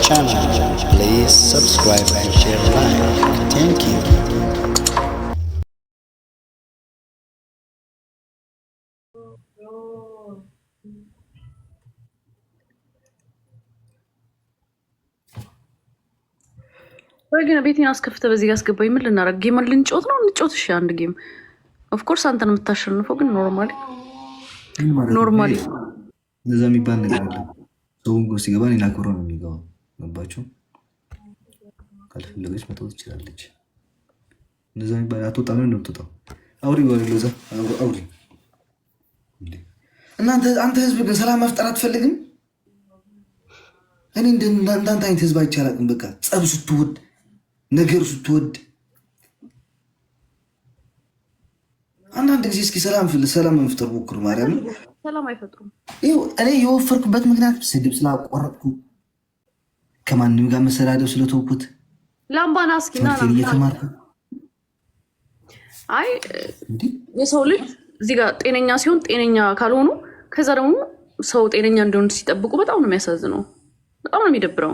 channel. Please subscribe and share like. Thank you. ወይ ግን ቤቴን አስከፍተህ በዚህ አስገባኝ። ምን ልናደርግ? ጌመን ልንጮት ነው? እንጮት። እሺ አንድ ጌም ኦፍኮርስ አንተን የምታሸንፈው ግን ኖርማሊ ኖርማሊ እንደዛ የሚባል ነገር አለ። ሰውን ሲገባ ሌላ ክብሮ ነው የሚገባው ገባችሁ? ካልፈለገች መተው ትችላለች። እንደዛ የሚባል አትወጣም። ነው እንደምትወጣው አውሪ ለዛ አውሪ። እናንተ አንተ ህዝብ ግን ሰላም መፍጠር አትፈልግም። እኔ እንዳንተ አይነት ህዝብ አይቼ አላውቅም። በቃ ጸብ ስትወድ ነገር ስትወድ አንዳንድ ጊዜ እስኪ ሰላም ፍል ሰላም መፍጠር ሞክሩ። ማርያም ሰላም አይፈጥሩም። እኔ የወፈርኩበት ምክንያት ስድብ ስላቆረጥኩ ከማንም ጋር መሰዳደብ ስለተውኩት ላምባና እስኪና እየተማርኩ አይ የሰው ልጅ እዚህ ጋር ጤነኛ ሲሆን ጤነኛ ካልሆኑ ከዛ ደግሞ ሰው ጤነኛ እንደሆን ሲጠብቁ በጣም ነው የሚያሳዝነው። በጣም ነው የሚደብረው።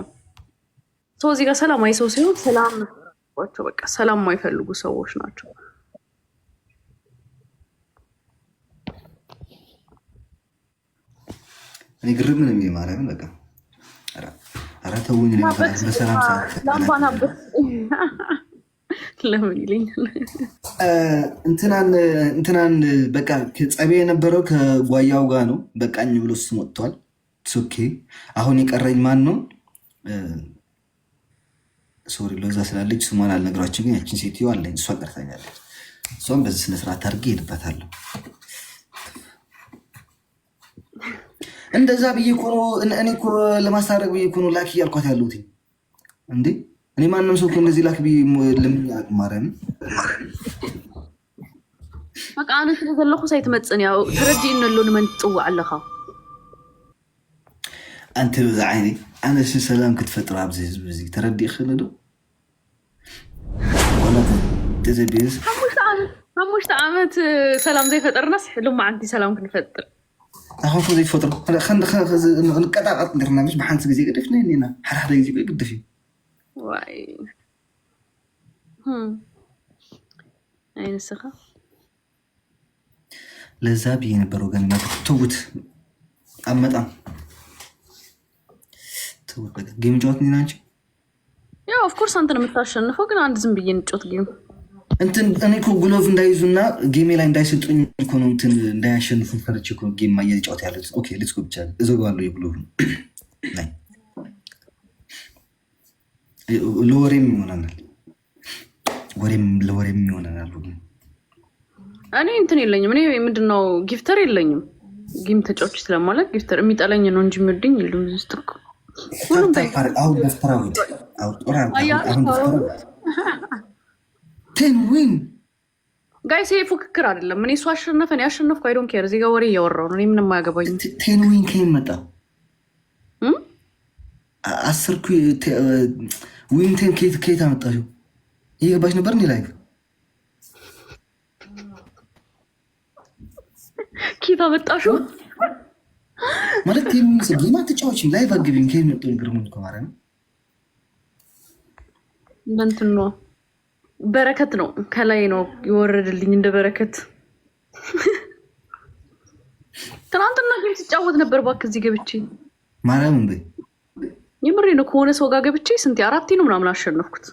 ሰው እዚህ ጋር ሰላማዊ ሰው ሲሆን ሰላም ናቸው። በቃ ሰላም የማይፈልጉ ሰዎች ናቸው። እኔ ግርም ነው የሚማረን በቃ ኧረ ተውኝ። በሰላም እንትናን እንትናን በቃ ከጸቤ የነበረው ከጓያው ጋር ነው። በቃኝ ብሎ እሱም ወጥቷል። ኦኬ አሁን የቀረኝ ማን ነው? ሶሪ ለዛ ስላለች ስሟን ነገሯችን ግን ያችን ሴትዮ አለኝ። እሷ ቀርታኛለች። እሷም በዚህ ስነስርዓት አድርጌ ሄድበታለሁ። እንደዛ ብዬ እኮ ነው እኔ እኮ ለማስታረቅ ብዬ እኮ ነው ላኪ እያልኳት ያለሁት እንዴ። እኔ ማንም ሰው እኮ እንደዚህ ላክ ብዬ ለምን ማርያም በቃ ኣነ ስለ ዘለኹ ሳይትመፅን ያው ተረዲእ ነሎ ንመን ትፅዋዕ ኣለኻ ኣንቲ ብዛ ዓይኒ ኣነ ሲ ሰላም ክትፈጥሮ ኣብዚ ህዝቢ እዚ ተረዲእ ክእል ዶ ሓሙሽተ ዓመት ሰላም ዘይፈጠርናስ ሎማ ዓንቲ ሰላም ክንፈጥር ኣኸፎ ዘይፈጥሩ ንቀጣቀጥ ርና ምስ ብሓንቲ ግዜ ገደፍና ኒና ሓደሓደ ግዜ ግድፍ እዩ ኣይንስኻ ለዛ ብዬ ነበር ወገን ትውት ኣብ መጣም ትውት ጌም ጨዋት ኒና ንቺ ያው ኦፍኮርስ አንተ ነው የምታሸንፈው፣ ግን አንድ ዝም ብዬ ንጮት ጌም እንትን እኔ እኮ ግሎቭ እንዳይዙና ጌሜ ላይ እንዳይሰጡኝ እኮ ነው እንትን እንዳያሸንፉ ፈርቼ እኮ ጌም እየተጫወት ያለት ኦኬ ልትኮ ብቻ እዘጋዋለሁ። የግሎቭ ለወሬም ይሆናል፣ ወሬም ለወሬም ይሆናል። እኔ እንትን የለኝም። እኔ ምንድን ነው ጊፍተር የለኝም። ጌም ተጫዎች ስለማለት ጊፍተር የሚጠለኝ ነው እንጂ የሚወደኝ የለም። ዝስጥቅ ሁሉም ጣይፓ አሁን ደፍተራ ጦራ ኬን ዊን ጋይስ ይሄ ፉክክር አይደለም። እኔ እሱ አሸነፈ እኔ አሸነፍኩ አይዶን ኬር። እዚህ ጋር ወሬ እያወራሁ ነው። እኔ ምንም አያገባኝ። ቴን ዊን ኬን መጣ አስር ዊን ቴን ከየት አመጣሽው? ይሄ ገባሽ ነበር እኔ ላይ ከየት አመጣሽው? ማለት ቴን ዊን ጽጌ ማትጫዎች ላይ ባግቢኝ ከየት መጡ ንግር ከማረ ነው በንትን ነው በረከት ነው። ከላይ ነው የወረድልኝ እንደ በረከት። ትናንትና ግን ሲጫወት ነበር። እባክህ እዚህ ገብቼ ማለም እንዴ የምሬ ነው። ከሆነ ሰው ጋር ገብቼ ስንቴ አራቴ ነው ምናምን አሸነፍኩት።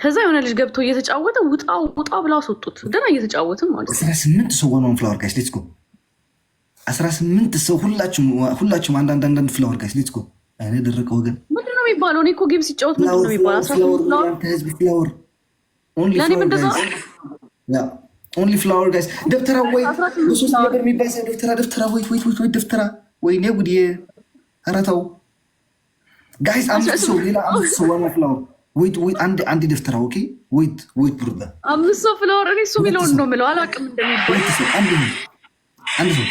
ከዛ የሆነ ልጅ ገብቶ እየተጫወተ ውጣ ውጣ ብላ አስወጡት። ደና እየተጫወትም ማለት አስራ ስምንት ሰው ሆነውን ፍላወር ጋይስ ሌትስ ጎ አስራ ስምንት ሰው ሁላችሁም፣ ሁላችሁም አንዳንድ አንዳንድ ፍላወር ጋይስ ሌትስ ጎ አይነ ደረቀ ወገን ነው የሚባለው? እኔ እኮ ጌም ሲጫወት ምንድን ነው የሚባለው? ኦንሊ ፍላወር ጋይስ ደብተራ ወይ ሶስት ነገር የሚባል ደብተራ ደብተራ ወይ ወይ ወይ ደብተራ ወይ ኔ ጉድ ረተው ጋይስ አምስት ሰው ሌላ አምስት ሰው ዋና ፍላወር ወይት ወይት አንድ አንድ ደፍተራ ኦኬ ወይት ወይት ብሩበ አምስት ሰው ፍላወር እኔ እሱ የሚለውን ነው የምለው አላውቅም እንደሚባል አንድ አንድ ሰው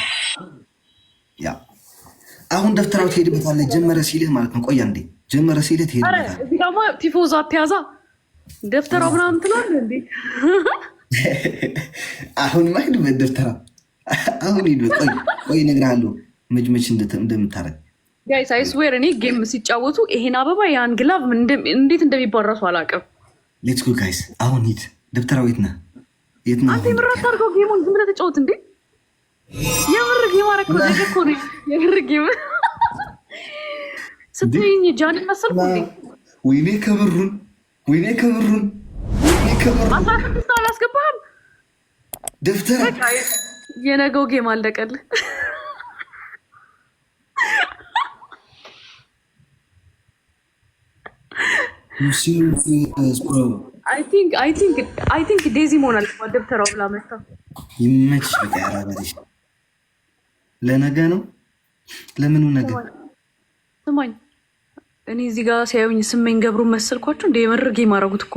ያ አሁን ደፍተራው ትሄድበታለህ ጀመረ ሲልህ ማለት ነው ቆይ አንዴ ጀመረ ሲለት ይሄ ደግሞ ቲፎዞ አትያዛ ደብተራ ምናምን ትላለህ እንዴ? አሁን ማይድ በደብተራ አሁን ሂድ ቆይ ቆይ እነግርሃለሁ መች እንደምታረግ ጋይስ አይ ስዌር እኔ ጌም ሲጫወቱ ይሄን አበባ ያን ግላብ እንዴት እንደሚባረሱ አላውቅም። ሌትስ ጎ ጋይስ አሁን ሂድ ደብተራ ቤት ና የት ነው አንተ የምራት አድርገው ጌሙን ዝም ብለህ ተጫወት እንዴ? የምር ጌም አረግ የምር ጌም ስትይኝ ጃን መሰልኩ። ወይኔ ከብሩን ወይኔ ከብሩን አስራ ስድስት አላስገባህም። ደፍተራ የነገው ጌም አልደቀል። አይ ቲንክ ዴዚ መሆን ደብተራው ብላ መታ ይመች ራበሽ ለነገ ነው ለምኑ ነገ? ስማኝ እኔ እዚህ ጋር ሲያዩኝ ስመኝ ገብሩ መሰልኳቸው እንደ የመርጌ የማረጉት እኮ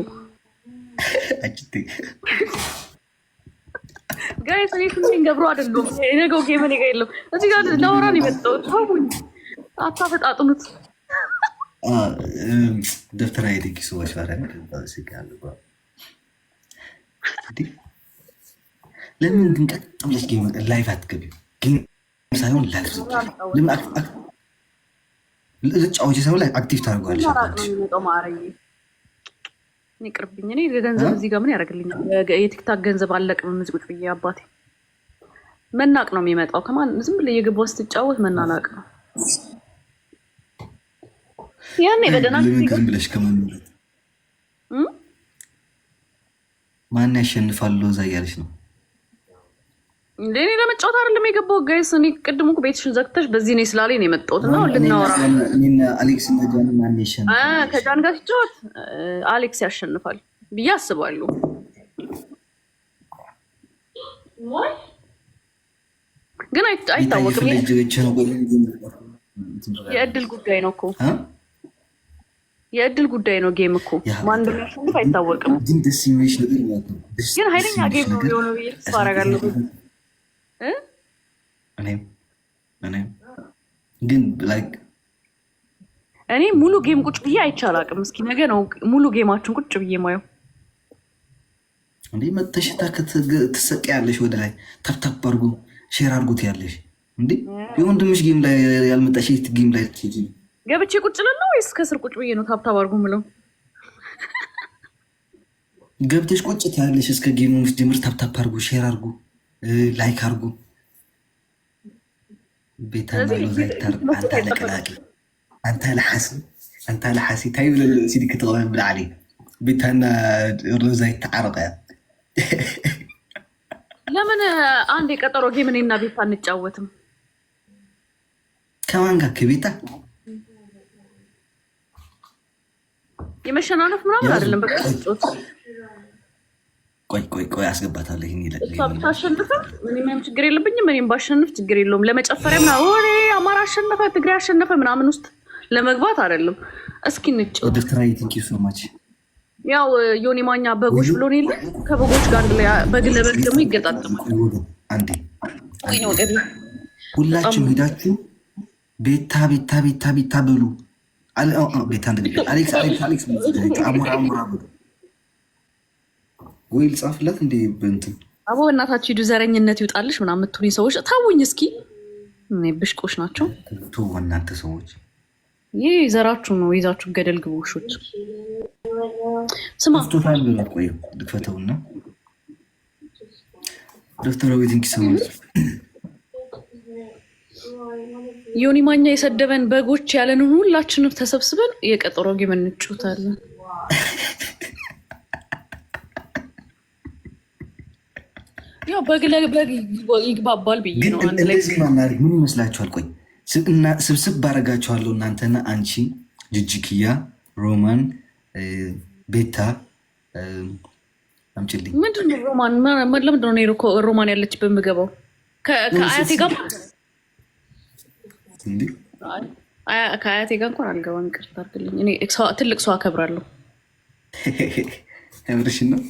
ጋይስ፣ እኔ ስመኝ ገብሩ አይደለም። ነገው ጌመኔ ጋር የለም። እዚህ ጋር ለወራን የመጣሁት አታፈጣጥኑት። ደብተራ የደጊ ሰዎች ለምን ግን ቀጥ ብለሽ ላይፍ አትገቢም? ግን ሳይሆን ላይፍ ጫዎች ሰው ላይ አክቲቭ ታደርጓለች። ይቅርብኝ። እኔ ገንዘብ እዚህ ጋር ምን ያደርግልኛል? የቲክታክ ገንዘብ አለቅም። እዚህ ብዬ አባቴ መናቅ ነው የሚመጣው። ከማን ዝም ብለህ የገባው ስትጫወት መናናቅ ነው። ያኔ በደህና ዝም ብለሽ ከማን ማን ያሸንፋል እዛ እያለች ነው እኔ ለመጫወት አይደለም የገባው ጋይስ። እኔ ቅድም እኮ ቤትሽን ዘግተሽ በዚህ ነው ስላለኝ ነው የመጣሁት እና ልናወራ ከጃን ጋር ሲጫወት አሌክስ ያሸንፋል ብዬ አስባለሁ። ግን አይታወቅም፣ የእድል ጉዳይ ነው እኮ የእድል ጉዳይ ነው። ጌም እኮ ማን እንደሚያሸንፍ አይታወቅም። ግን ኃይለኛ ጌም ነው የሆነው ተስፋ አደርጋለሁ። ግን እኔ ሙሉ ጌም ቁጭ ብዬ አይቻላቅም። እስኪ ነገ ነው ሙሉ ጌማችን ቁጭ ብዬ ማየው። እንዴ መተሽታ ትሰቅ ያለሽ ወደ ላይ ተብታብ አድርጎ ሼር አድርጎት ያለሽ እንዴ የወንድምሽ ጌም ላይ ያልመጣሽ ጌም ላይ ገብቼ ቁጭ ልል ነው ወይስ ከስር ቁጭ ብዬ ነው ታብታብ አድርጎ ምለው? ገብተሽ ቁጭ ትያለሽ። እስከ ጌሙ ጀምር ታብታብ አድርጎ ሼር አድርጎ ላይክ አርጉ። ቤታ ታለቀላቂ አንታ ለሓሲ አንታ ለሓሲ እንታይ ብለ ሲዲ ክትቀበል ብላዕሊ ቤታና ሮዛ ይተዓረቀ ለምን አንድ የቀጠሮ ጌም እኔና ቤታ እንጫወትም? ከማን ጋር ከቤታ የመሸናነፍ ምናምን አይደለም በቃ ቆይ ቆይ ቆይ አስገባታለሁ። ይሄን ታሸንፈ ችግር የለብኝም። እኔም ባሸንፍ ችግር የለውም። ለመጨፈሪያ ምናምን አማራ አሸነፈ፣ ትግሬ አሸነፈ ምናምን ውስጥ ለመግባት አይደለም። እስኪ ንጭ oh, ያው ዮኒ ማኛ በጎች ብሎን የለ ከበጎች ጋር አንድ ላይ በግ ለበግ ደግሞ ይገጣጠማል። ሁላችሁም ሄዳችሁ ቤታ ቤታ ቤታ ቤታ ብሉ። አሌክስ አሌክስ አሌክስ አሞራ አሞራ ብሉ ወይ ልጻፍላት እንደ በእንትን አቦ እናታችሁ ሂዱ፣ ዘረኝነት ይውጣልሽ ምናምን የምትሉኝ ሰዎች ታውኝ እስኪ ብሽቆች ናቸው። ቱ እናንተ ሰዎች ይህ ዘራችሁ ነው ይዛችሁ ገደል ግቦሾች ስማቶታል ስማ ቆይ ልክፈተውና ዶክተር ቤት እንኪ ሰዎች ዮኒ ማኛ የሰደበን በጎች ያለንን ሁላችንም ተሰብስበን የቀጠሮ ጊዜ ያው ይግባባል ብዬ ነው። ምን ይመስላችኋል? ቆይ ስብስብ አደርጋችኋለሁ እናንተና አንቺ፣ ጅጅክያ፣ ሮማን፣ ቤታ አምጪልኝ። ምንድን ነው ሮማን? ለምንድን ነው ሮማን ያለች በምገባው ከአያቴ ጋር ከአያቴ ጋር እንኳን አልገባም። ይቅርታ አድርግልኝ። እኔ ትልቅ ሰው አከብራለሁ። ነው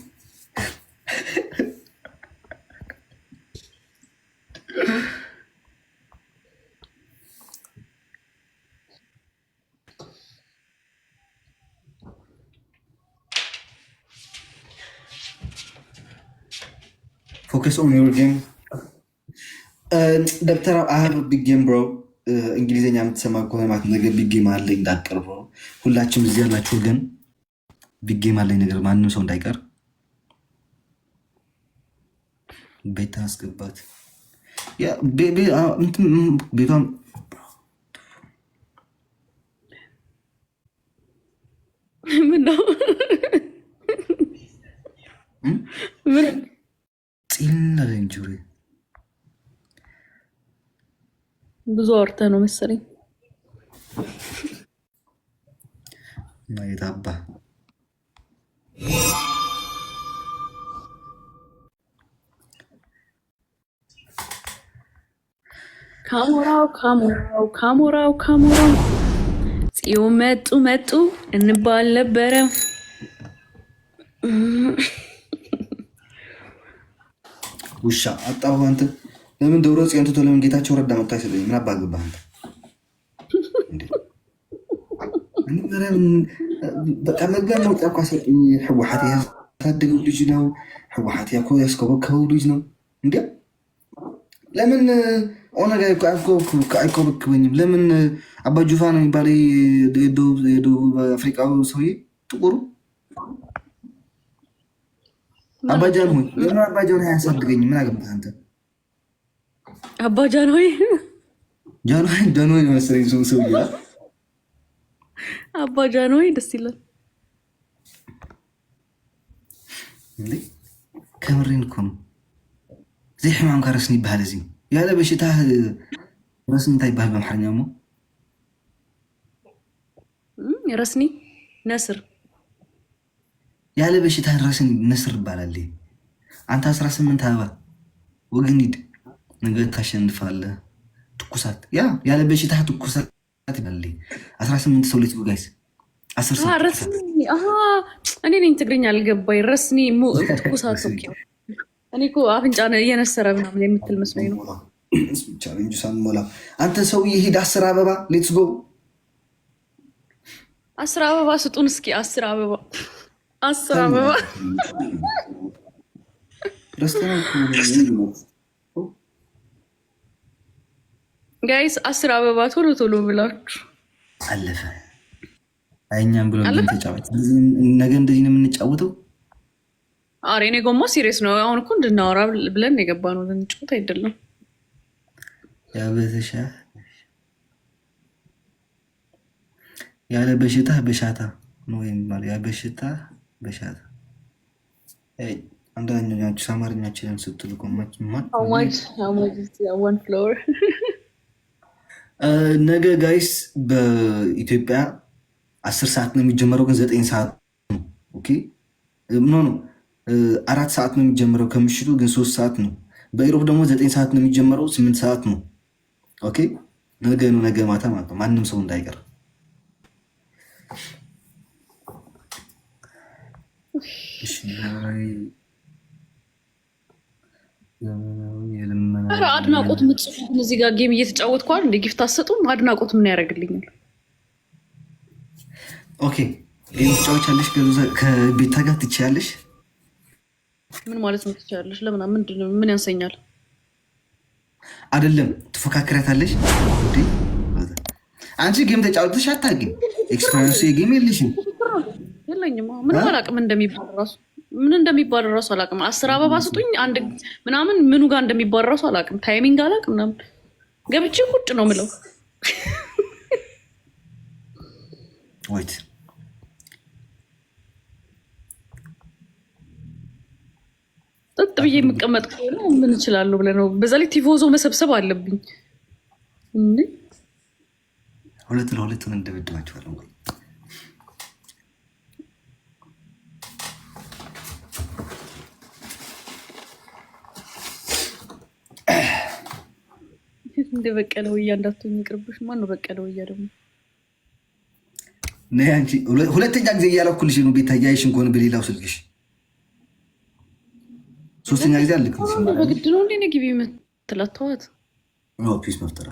ፎከስ ኦን ዩር ጌም ደብተር አህብ ቢጌም ብሮ እንግሊዝኛ የምትሰማ ከሆነ ማለት ነገር ቢጌም አለኝ እንዳቀር ብሮ። ሁላችሁም እዚህ ያላችሁ ግን ቢጌም አለኝ ነገር ማንም ሰው እንዳይቀር ቤት አስገባት። ቤቷም ምነው ፂል አለኝ ጆሮ። ብዙ አውርተህ ነው መሰለኝ። የታባ ካሞራው ካሞራው ካሞራው ካሞራው ጽዮን መጡ መጡ እንባል ነበረ። ውሻ አጣሁ። አንተ ለምን ደብረ ጽዮን ትቶ ለምን ጌታቸው ረዳ መጥቶ አይሰጠኝም? ምን አባግባ አንተ በቃ መጋን መውጫ እኳ ሰጠኝ። ሕወሓት ያሳደገው ልጅ ነው። ሕወሓት ያኮ ያስኮበከበው ልጅ ነው። እንዲ ለምን ኦነግ አይኮበክበኝም? ለምን አባጁፋ ነው የሚባለው የደቡብ አፍሪካዊ ሰውዬ ጥቁሩ አባጃን ሆይ ለምን አባጃን ሆይ አያሳድገኝ? ምን አገባህ አንተ? አባጃን ሆይ ጃን ሆይ ጃን መሰለኝ ስሙ ሰው ይላል። አባጃን ሆይ ደስ ይላል። ከምሬን እኮ ነው። ዘይ ሕማም ካ ረስኒ ይባሃል። እዚ ያለ በሽታ ረስኒ እንታይ ይባሃል በአምሓርኛ? ሞ ረስኒ ነስር ያለ በሽታ ራስን ነስር ይባላል። አንተ አስራ ስምንት አበባ ወገን ሂድ ነገር ታሸንፋለህ። ትኩሳት ያ ያለ በሽታ ትኩሳት ይባላል። አስራ ስምንት ሰው ልጅ ጋይስ እኔ ነኝ ትግርኛ አልገባኝ። ረስኒ ትኩሳት እኔ እኮ አፍንጫ እየነሰረ ምናምን የምትል መስሎኝ ነው። አንተ ሰውዬ ሂድ አስር አበባ ሌትስ ጎ አስር አበባ ስጡን እስኪ አስር አበባ አስር አበባ ጋይስ አስር አበባ ቶሎ ቶሎ ብላችሁ አለፈ። እኛም ብሎ ተጫወት። ነገ እንደዚህ ነው የምንጫወተው። አሬ እኔ ጎማ ሲሪየስ ነው። አሁን እኮ እንድናወራ ብለን የገባ ነው፣ ልንጫወት አይደለም። ያበተሻ ያለ በሽታ በሻታ ነው ወይም ያበሽታ በሻት አንዳንዶቻችሁ አማርኛችንን ስትሉ ነገ ጋይስ በኢትዮጵያ አስር ሰዓት ነው የሚጀመረው፣ ግን ዘጠኝ ሰዓት ነው ነው አራት ሰዓት ነው የሚጀመረው ከምሽቱ፣ ግን ሶስት ሰዓት ነው። በኢሮፕ ደግሞ ዘጠኝ ሰዓት ነው የሚጀመረው፣ ስምንት ሰዓት ነው። ኦኬ ነገ ነው ነገ ማታ ማለት ነው። ማንም ሰው እንዳይቀር አድናቆት ምጽፉን እዚህ ጋር ጌም እየተጫወትኩ አይደል እንደ ጊፍት አሰጡም። አድናቆት ምን ያደርግልኛል? ኦኬ ትጫወቻለሽ፣ ከቤታ ጋር ትችያለሽ። ምን ማለት ነው ትችያለሽ? ለምን ምን ያንሰኛል? አይደለም ትፎካክሪያታለሽ። አንቺ ጌም ተጫወተሽ አታውቂም። ኤክስፐሪንስ የጌም የለሽም የለኝም። ምንም አላውቅም እንደሚባል ራሱ ምን እንደሚባል ራሱ አላውቅም። አስር አበባ ስጡኝ አንድ ምናምን ምኑ ጋር እንደሚባል ራሱ አላውቅም። ታይሚንግ አላውቅም ምናምን ገብቼ ቁጭ ነው ምለው። ወይት ጥጥ ብዬ የምቀመጥ ከሆነ ምን እችላለሁ ብለህ ነው? በዛ ላይ ቲፎዞ መሰብሰብ አለብኝ። ሁለት ለሁለቱን እንደበድባቸዋለሁ። እንደ በቀለ በቀለ ደግሞ? ነይ አንቺ ሁለተኛ ጊዜ እያለኩልሽ ነው። ቤታ እያየሽን በሌላው ስልክሽ ሶስተኛ ጊዜ በግድ ነው እንዴ ፒስ መፍጠር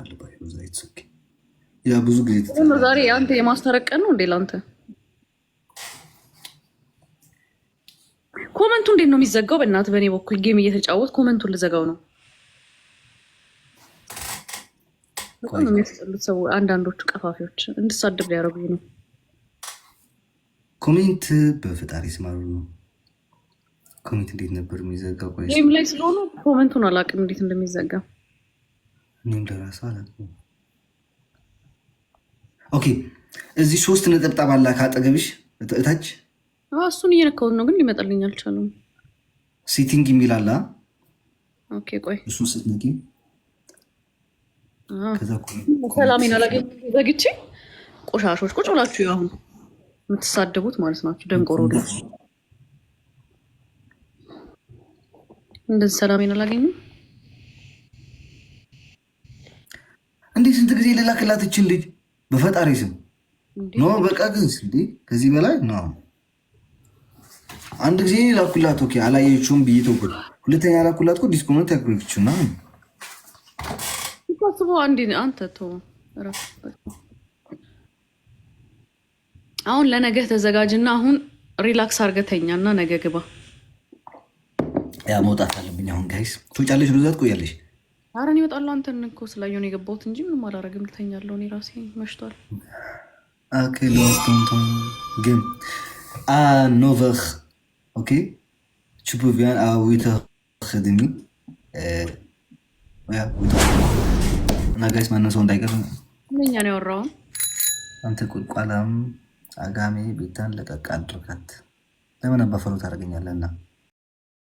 ብዙ ጊዜ ዛሬ የማስታረቀን ነው እንዴ ለአንተ ኮመንቱ እንዴት ነው የሚዘጋው? በእናትህ በእኔ በኩል ጌም እየተጫወት ኮመንቱን ልዘጋው ነው በጣም የሚያስጠሉት ሰው አንዳንዶቹ ቀፋፊዎች እንድሳደብ ሊያደርጉኝ ነው። ኮሜንት በፈጣሪ ስማሩ ነው። ኮሜንት እንዴት ነበር የሚዘጋ? ቆይ ጌም ላይ ስለሆኑ ኮሜንቱን አላውቅም እንዴት እንደሚዘጋ እኔም ለራሱ አላውቅም። ኦኬ እዚህ ሶስት ነጠብጣብ አላ ከአጠገብሽ እታች እሱን እየነካሁት ነው፣ ግን ሊመጣልኝ አልቻለም። ሴቲንግ የሚል አላ። ኦኬ ቆይ እሱን ስትነቂ ሰላሜን ነው ዘግቼ ቆሻሾች ቁጭ ብላችሁ አሁን የምትሳደቡት ማለት ናቸው። ደንቆሮ እንደዚህ ነው ላገኙ እንዴ ስንት ጊዜ ልላክላት እችን ልጅ በፈጣሪ ስም ኖ በቃ ግን እንዴ ከዚህ በላይ ኖ አንድ ጊዜ ላኩላት። ኦኬ አላየችውም ብይተው ሁለተኛ ላኩላት ዲስኮነት ያክሪችና አስበው አንዴ። አንተ ተው አሁን ለነገ ተዘጋጅና አሁን ሪላክስ አርገተኛ እና ነገ ግባ። ያ መውጣት አለብኝ አሁን። ጋይስ ትውጫለሽ? ሩዛ ትቆያለሽ? ኧረ እኔ አንተን እኮ ስላየሁ ነው የገባሁት እንጂ ምንም አላረግም። ልተኛለሁ እኔ ራሴ መሽቷል። ግን አኖቨር ኦኬ ቹፕቪያን አዊተር ክድሚ ነጋሽ ማንም ሰው እንዳይቀር ነው ያወራው። አንተ ቁልቋላም አጋሜ ቤታን ለቀቅ አድርጋት። ለምን አባፈሩ ታደርገኛለህ እና